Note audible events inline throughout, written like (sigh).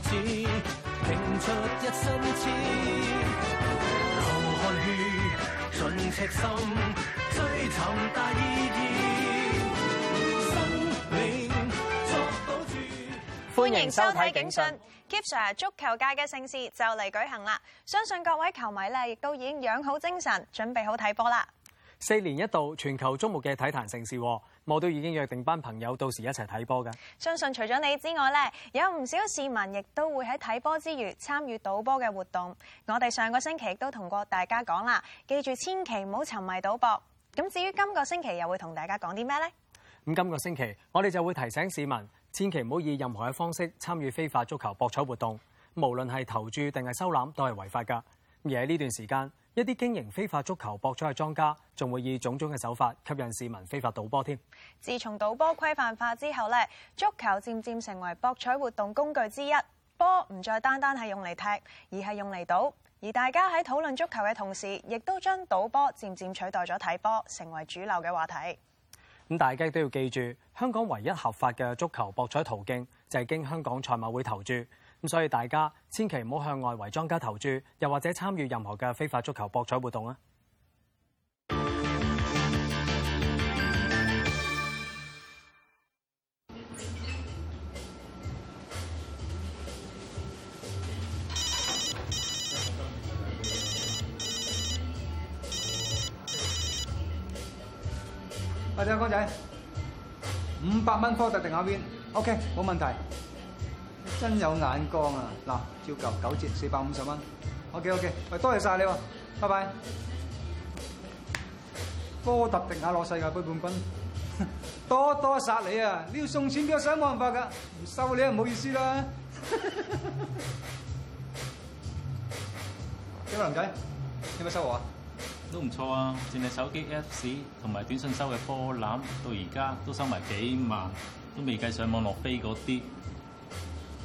歡迎收睇《警訊 k e e p s a r 足球界嘅盛事就嚟舉行啦！相信各位球迷咧亦都已經養好精神，準備好睇波啦！四年一度全球矚目嘅體壇盛事。我都已經約定班朋友到時一齊睇波㗎。相信，信除咗你之外咧，有唔少市民亦都會喺睇波之餘參與賭波嘅活動。我哋上個星期都同過大家講啦，記住千祈唔好沉迷賭博。咁至於今個星期又會同大家講啲咩呢？咁今個星期我哋就會提醒市民，千祈唔好以任何嘅方式參與非法足球博彩活動，無論係投注定係收攬都係違法㗎。而喺呢段時間，一啲經營非法足球博彩嘅莊家，仲會以種種嘅手法吸引市民非法賭波添。自從賭波規範化之後咧，足球漸漸成為博彩活動工具之一，波唔再單單係用嚟踢，而係用嚟賭。而大家喺討論足球嘅同時，亦都將賭波漸漸取代咗睇波，成為主流嘅話題。咁大家都要記住，香港唯一合法嘅足球博彩途徑就係經香港賽馬會投注。咁所以大家千祈唔好向外圍莊家投注，又或者參與任何嘅非法足球博彩活動啊！大家光仔，五百蚊科特定下邊？OK，冇問題。真有眼光啊！嗱，照舊九折四百五十蚊，OK OK，喂，多謝晒你喎，啊，拜拜。波特定下攞世界盃冠軍， (laughs) 多多殺你啊！你要送錢俾我的，有冇辦法㗎？唔收你啊，唔好意思啦。有冇林仔？有冇收我啊？ (laughs) 都唔錯啊！淨係手機 F C 同埋短信收嘅波攬，到而家都收埋幾萬，都未計上網落飛嗰啲。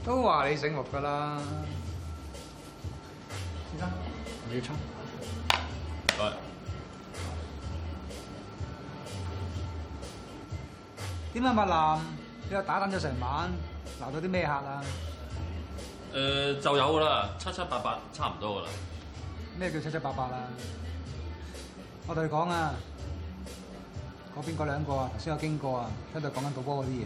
都話你醒目噶啦，先生，唔要出，點解、哎、麥男？你又打攤咗成晚，撈到啲咩客啊？誒、呃，就有噶啦，七七八八，差唔多噶啦。咩叫七七八八啊？我同你講啊，嗰邊嗰兩個啊，頭先有經過啊，喺度講緊賭波嗰啲嘢。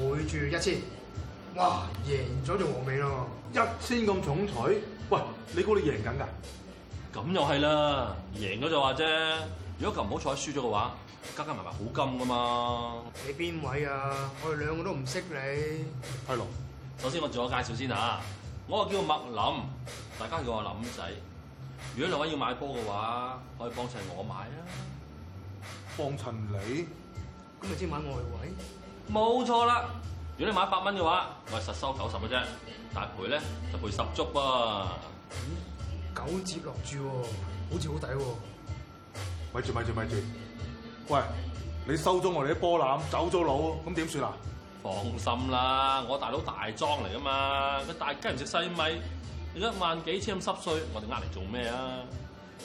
每注一千，哇！贏咗就和味咯！一千咁重彩，喂！你估你贏緊㗎？咁又係啦，贏咗就話啫。如果球唔好彩輸咗嘅話，加加埋埋好金㗎嘛！你邊位啊？我哋兩個都唔識你。係咯，首先我自我介紹先啊。我叫麥林，大家叫我林仔。如果兩位要買波嘅話，可以幫襯我買啊！幫襯你？咁咪先買外圍。冇錯啦！如果你買一百蚊嘅話，我係實收九十嘅啫，但係賠咧就賠十足噃、啊嗯。九折落注喎，好似好抵喎。咪住咪住咪住！喂，你收咗我哋啲波攬，走咗佬，咁點算啊？放心啦，我大佬大莊嚟噶嘛，佢大雞唔食細米，你一萬幾千咁濕碎，我哋呃嚟做咩啊？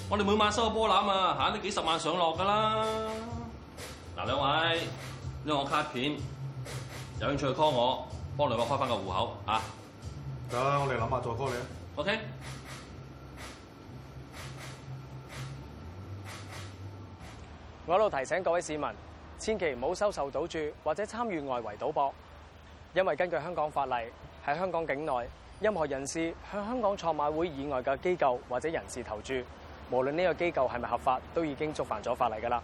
我哋每晚收個波攬啊，嚇都幾十萬上落噶啦！嗱、嗯，兩位。因我卡片有興趣 call 我，幫你位開翻個戶口嚇。得、啊，我哋諗下再 call 你啊。OK。我喺度提醒各位市民，千祈唔好收受賭注或者參與外圍賭博，因為根據香港法例，喺香港境內，任何人士向香港賽馬會以外嘅機構或者人士投注，無論呢個機構係咪合法，都已經觸犯咗法例㗎啦。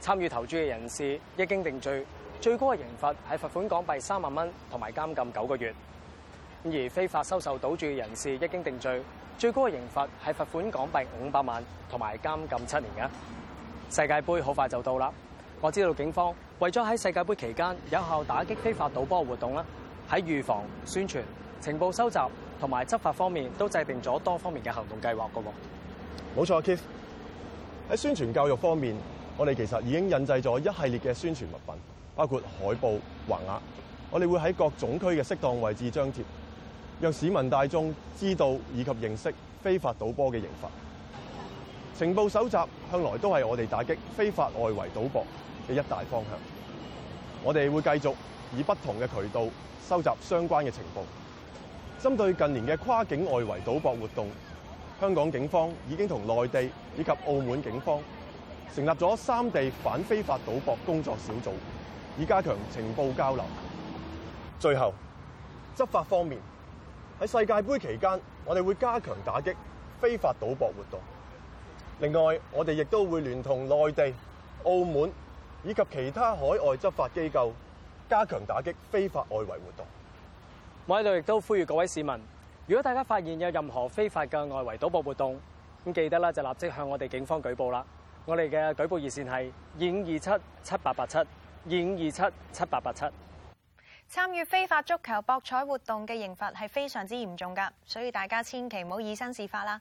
參與投注嘅人士一經定罪，最高嘅刑罰係罰款港幣三萬蚊，同埋監禁九個月；而非法收受賭注嘅人士一經定罪，最高嘅刑罰係罰款港幣五百萬，同埋監禁七年。㗎，世界盃好快就到啦。我知道警方為咗喺世界盃期間有效打擊非法賭波活動啦，喺預防、宣傳、情報收集同埋執法方面都制定咗多方面嘅行動計劃嘅喎。冇錯，Keith 喺宣傳教育方面。我哋其實已經印製咗一系列嘅宣傳物品，包括海報、橫額。我哋會喺各總區嘅適當位置張貼，讓市民大眾知道以及認識非法賭波嘅刑罰。情報搜集向來都係我哋打擊非法外圍賭博嘅一大方向。我哋會繼續以不同嘅渠道收集相關嘅情報，針對近年嘅跨境外圍賭博活動，香港警方已經同內地以及澳門警方，成立咗三地反非法賭博工作小組，以加強情報交流。最後，執法方面喺世界杯期間，我哋會加強打擊非法賭博活動。另外，我哋亦都會聯同內地、澳門以及其他海外執法機構，加強打擊非法外圍活動。我喺度亦都呼籲各位市民，如果大家發現有任何非法嘅外圍賭博活動，咁記得就立即向我哋警方舉報啦。我哋嘅舉報熱線係二五二七七八八七，二五二七七八八七。7 7參與非法足球博彩活動嘅刑罰係非常之嚴重噶，所以大家千祈唔好以身試法啦。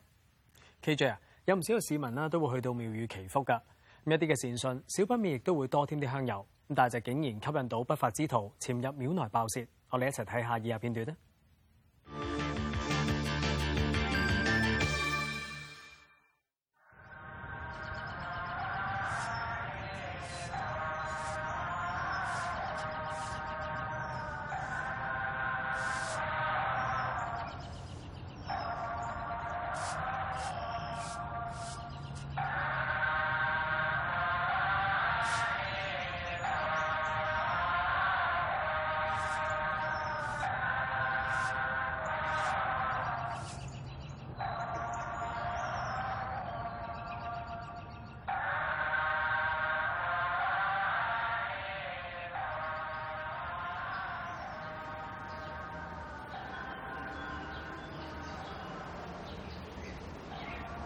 K J 啊，有唔少嘅市民啦都會去到廟宇祈福噶，咁一啲嘅善信，少不免亦都會多添啲香油。咁但係就竟然吸引到不法之徒潛入廟內爆竊，我哋一齊睇下以下片段啊！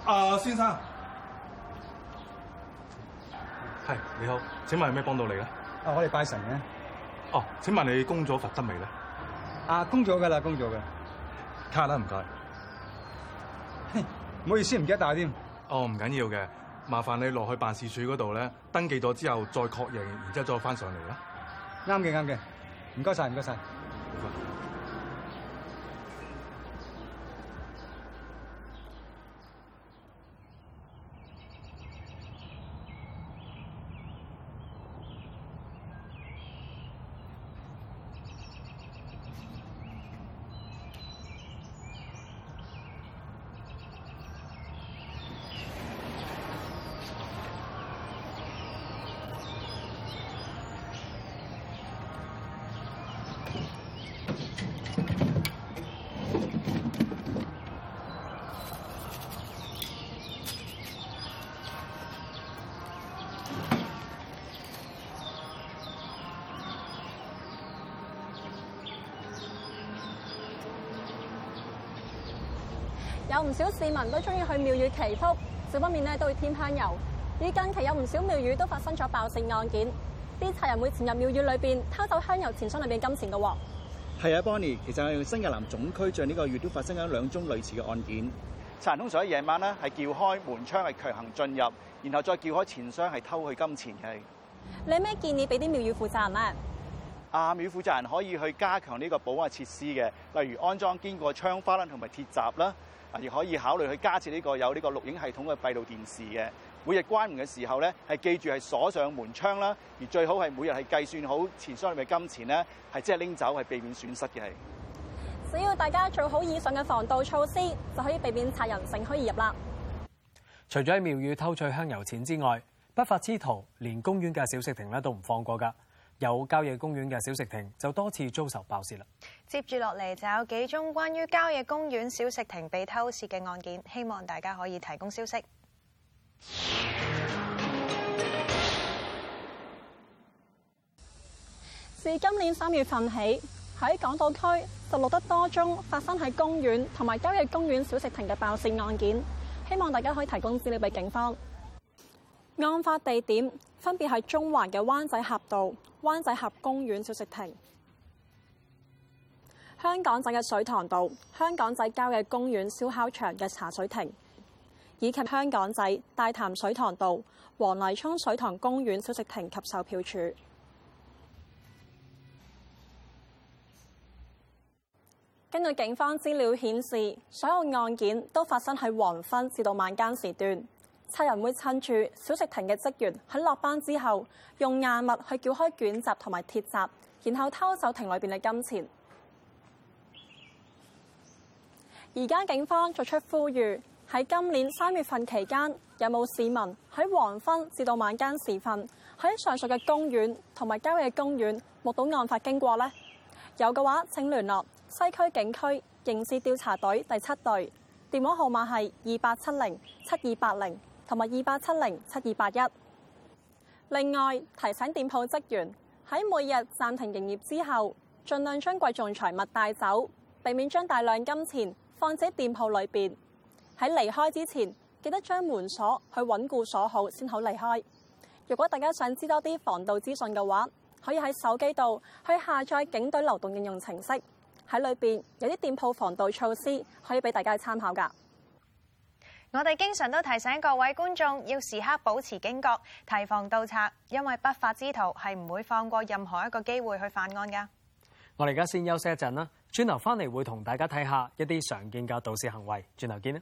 啊，先生係、hey, 你好，請問有咩幫到你咧？Oh, 你啊，我嚟拜神嘅。哦，請問你供咗佛燈未咧？啊、uh,，供咗嘅啦，供咗嘅。卡下啦，唔該。唔好意思，唔記得帶添。哦，唔緊要嘅，麻煩你落去辦事處嗰度咧，登記咗之後再確認，然之後再翻上嚟啦。啱嘅，啱 (noise) 嘅，唔該晒，唔該晒。謝謝謝謝。有唔少市民都中意去廟宇祈福，少不免呢，都會添香油。而近期有唔少廟宇都發生咗爆竊案件。啲賊人會潛入廟宇裏邊偷走香油錢箱裏邊金錢嘅喎、哦。係啊，Bonnie，其實喺新界南總區，像呢個月都發生緊兩宗類似嘅案件。賊人通常喺夜晚咧，係撬開門窗係強行進入，然後再撬開錢箱係偷去金錢嘅。你有咩建議俾啲廟宇負責人咧？啊，廟宇負責人可以去加強呢個保安設施嘅，例如安裝堅固窗花啦，同埋鐵閘啦。啊，亦可以考慮去加設呢個有呢個錄影系統嘅閉路電視嘅。每日關門嘅時候咧，係記住係鎖上門窗啦，而最好係每日係計算好錢箱入面嘅金錢咧，係即係拎走，係避免損失嘅。係只要大家做好以上嘅防盜措施，就可以避免賊人乘虛而入啦。除咗喺廟宇偷取香油錢之外，不法之徒連公園嘅小食亭咧都唔放過㗎。有郊野公園嘅小食亭就多次遭受爆竊啦。接住落嚟就有幾宗關於郊野公園小食亭被偷竊嘅案件，希望大家可以提供消息。自今年三月份起，喺港島區就錄得多宗發生喺公園同埋郊野公園小食亭嘅爆竊案件，希望大家可以提供資料俾警方。案發地點分別係中環嘅灣仔峽道、灣仔峽公園小食亭、香港仔嘅水塘道、香港仔郊野公園燒烤場嘅茶水亭。以及香港仔大潭水塘道、黃泥涌水塘公園小食亭及售票處。根據警方資料顯示，所有案件都發生喺黃昏至到晚間時段。七人會趁住小食亭嘅職員喺落班之後用硬物去撬開捲閘同埋鐵閘，然後偷走亭裏邊嘅金錢。而家警方作出呼籲。喺今年三月份期間，有冇市民喺黃昏至到晚間時分喺上述嘅公園同埋郊野公園目睹案發經過呢？有嘅話，請聯絡西區警區刑事調查隊第七隊，電話號碼係二八七零七二八零同埋二八七零七二八一。另外提醒店鋪職員喺每日暫停營業之後，盡量將貴重財物帶走，避免將大量金錢放置喺店鋪裏邊。喺離開之前，記得將門鎖去穩固鎖好，先好離開。如果大家想知多啲防盜資訊嘅話，可以喺手機度去下載警隊流動應用程式，喺裏邊有啲店鋪防盜措施可以俾大家參考噶。我哋經常都提醒各位觀眾要時刻保持警覺，提防盜賊，因為不法之徒係唔會放過任何一個機會去犯案噶。我哋而家先休息一陣啦，轉頭翻嚟會同大家睇下一啲常見嘅盜竊行為，轉頭見啦。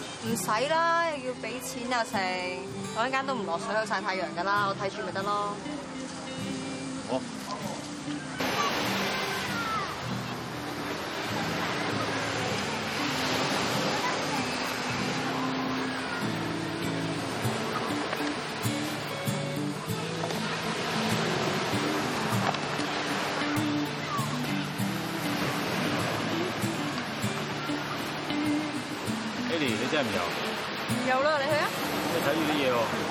唔使啦，又要俾錢啊。剩，我一間都唔落水去曬太陽噶啦，我睇住咪得咯。唔有？唔有啦，你去啊！你睇住啲嘢喎。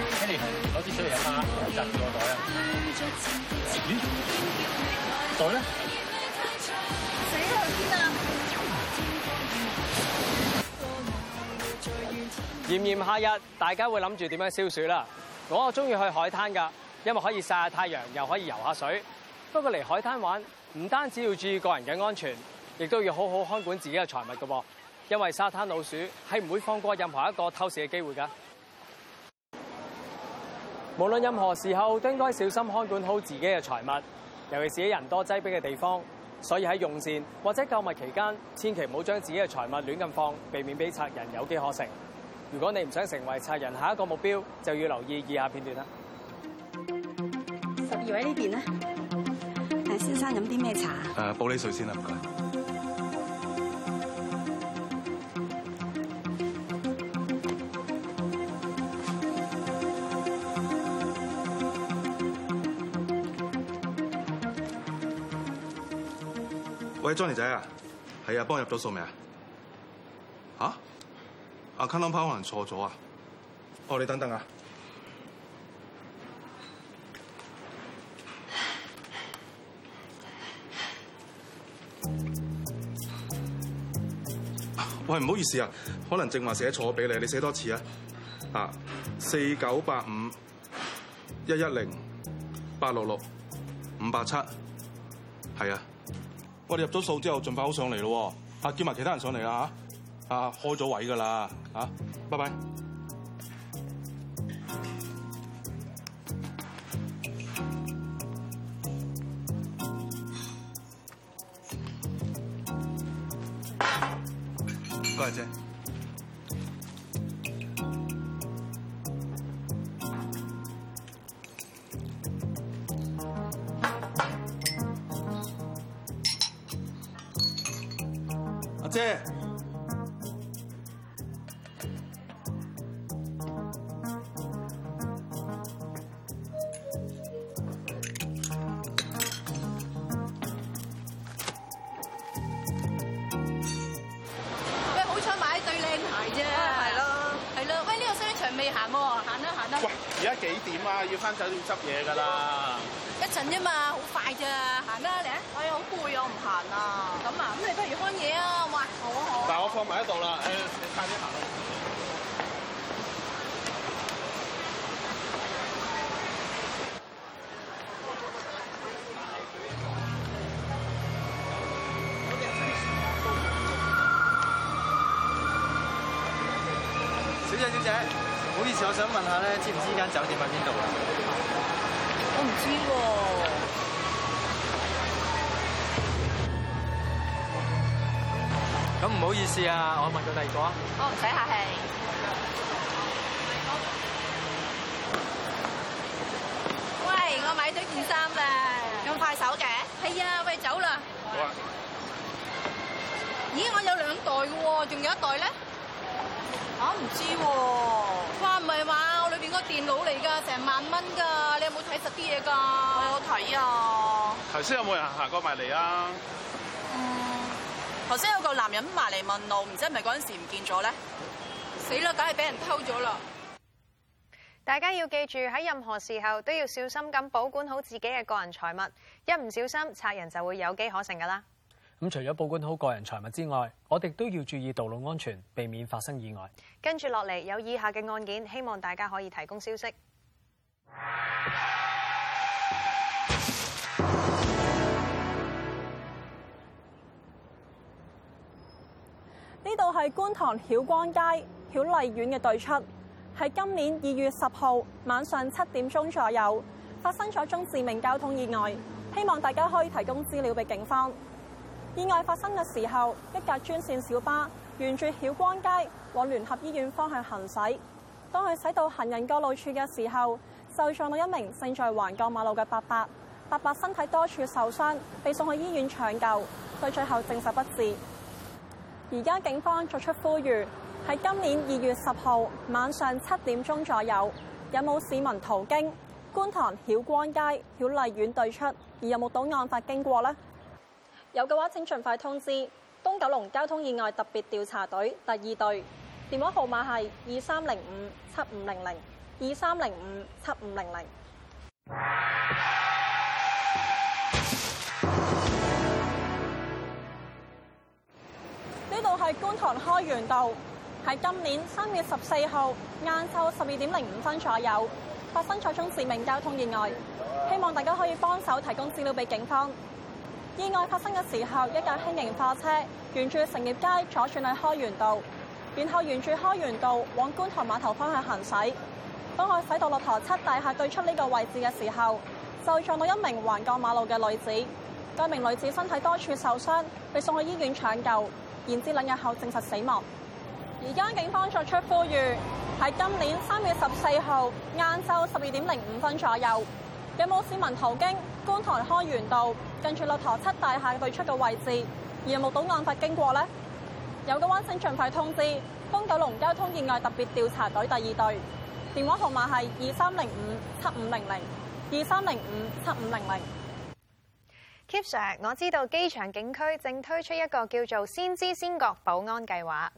Henry，攞支水嚟飲下，Hey. 塞住個袋啊！Hey. 袋咧呢？死啦天啊！炎炎 (noise) 夏日，大家會諗住點樣消暑啦？我中意去海灘㗎，因為可以曬下太陽，又可以游下水。不過嚟海灘玩，唔單止要注意個人嘅安全，亦都要好好看管自己嘅財物噶噃，因為沙灘老鼠係唔會放過任何一個偷竊嘅機會㗎。無論任何時候都應該小心看管好自己嘅財物，尤其是喺人多擠逼嘅地方。所以喺用膳或者購物期間，千祈唔好將自己嘅財物亂咁放，避免俾賊人有機可乘。如果你唔想成為賊人下一個目標，就要留意以下片段啦。十二位呢邊呢？誒，先生飲啲咩茶？誒、啊，普洱水先啦，唔該。Johnny 仔啊，係啊，幫我入咗數未啊？嚇？阿卡納帕可能錯咗啊？哦，你等等啊！喂，唔好意思啊，可能正話寫錯俾你，你寫多次啊！啊，四九八五一一零八六六五八七，係啊。我哋入咗數之後，盡快好上嚟咯喎！啊，叫埋其他人上嚟啦吓，啊開咗位噶啦吓啊，拜拜。喂，好彩買一對靚鞋啫，係咯，係咯。喂，呢個商場未行喎，行啦，行啦。喂，而家幾點啊？要翻酒店執嘢㗎啦。一陣啫嘛，好快啫，行啦，嚟。哎呀，好攰啊，我唔行啊。咁啊，咁你不如看嘢啊。放埋喺度喇，誒，快啲行路啦。小姐小姐，唔好意思，我想問下咧，知唔知呢間酒店喺邊度啊？我唔知喎。唔好意思啊，我問咗第二個啊。哦，唔使客氣。喂，我買咗件衫啦。咁快手嘅？係啊，喂，走啦。好啊。咦，我有兩袋嘅喎，仲有一袋咧？嚇，我唔知喎。哇，唔係話，我裏邊嗰個電腦嚟㗎，成萬蚊㗎，你有冇睇實啲嘢㗎？我睇啊。頭先有冇人行過埋嚟啊？嗯。頭先有個男人埋嚟問路，唔知係咪嗰陣時唔見咗呢？死啦，梗係俾人偷咗啦！大家要記住喺任何時候都要小心咁保管好自己嘅個人財物，一唔小心，賊人就會有機可乘噶啦。咁、嗯、除咗保管好個人財物之外，我哋都要注意道路安全，避免發生意外。跟住落嚟有以下嘅案件，希望大家可以提供消息。呢度係觀塘曉光街曉麗苑嘅對出，係今年二月十號晚上七點鐘左右發生咗宗致命交通意外。希望大家可以提供資料俾警方。意外發生嘅時候，一架專線小巴沿住曉光街往聯合醫院方向行駛，當佢駛到行人過路處嘅時候，就撞到一名正在橫過馬路嘅伯伯。伯伯身體多處受傷，被送去醫院搶救，但最後證實不治。而家警方作出呼籲，喺今年二月十號晚上七點鐘左右，有冇市民途經觀塘曉光街曉麗苑對出？而有冇到案發經過呢？有嘅話，請盡快通知東九龍交通意外特別調查隊第二隊，電話號碼係二三零五七五零零二三零五七五零零。 (noise) 到係觀塘開源道，喺今年三月十四號晏晝十二點零五分左右發生咗宗致命交通意外。希望大家可以幫手提供資料俾警方。意外發生嘅時候，一架輕型貨車沿住成業街左轉去開源道，然後沿住開源道往觀塘碼頭方向行駛。當我駛到駱駝漆大廈對出呢個位置嘅時候，就撞到一名橫過馬路嘅女子。該名女子身體多處受傷，被送去醫院搶救。現治兩日後證實死亡。而家警方作出呼籲，喺今年三月十四號晏晝十二點零五分左右，有冇市民途經觀塘開源道近住駱駝漆大廈對出嘅位置，而目睹案發經過呢？有嘅話，請盡快通知東九龍交通意外特別調查隊第二隊，電話號碼係二三零五七五零零二三零五七五零零。Kip Sir，我知道機場警區正推出一個叫做“先知先覺”保安計劃。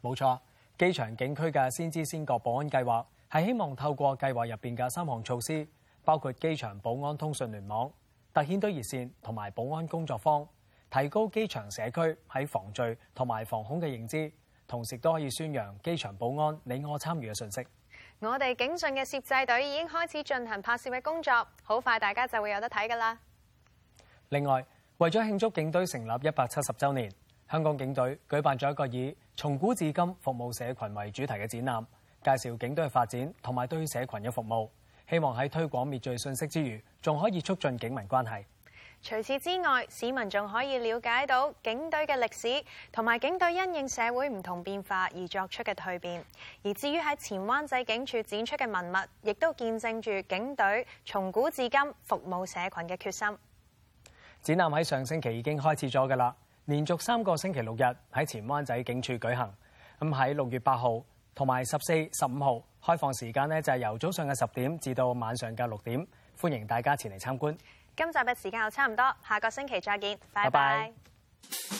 冇錯，機場警區嘅“先知先覺”保安計劃係希望透過計劃入邊嘅三項措施，包括機場保安通訊聯網、特遣隊熱線同埋保安工作坊，提高機場社區喺防罪同埋防恐嘅認知，同時都可以宣揚機場保安你我參與嘅信息。我哋警訊嘅攝製隊已經開始進行拍攝嘅工作，好快大家就會有得睇噶啦。另外，為咗慶祝警隊成立一百七十週年，香港警隊舉辦咗一個以「從古至今服務社群」為主題嘅展覽，介紹警隊嘅發展同埋對社群嘅服務。希望喺推廣滅罪信息之餘，仲可以促進警民關係。除此之外，市民仲可以了解到警隊嘅歷史同埋警隊因應社會唔同變化而作出嘅蛻變。而至於喺前灣仔警署展出嘅文物，亦都見證住警隊從古至今服務社群嘅決心。展覽喺上星期已經開始咗㗎喇，連續三個星期六日喺前灣仔警署舉行。咁喺六月八號同埋十四、十五號開放時間呢，就係、是、由早上嘅十點至到晚上嘅六點，歡迎大家前嚟參觀。今集嘅時間又差唔多，下個星期再見，拜拜 bye。Bye bye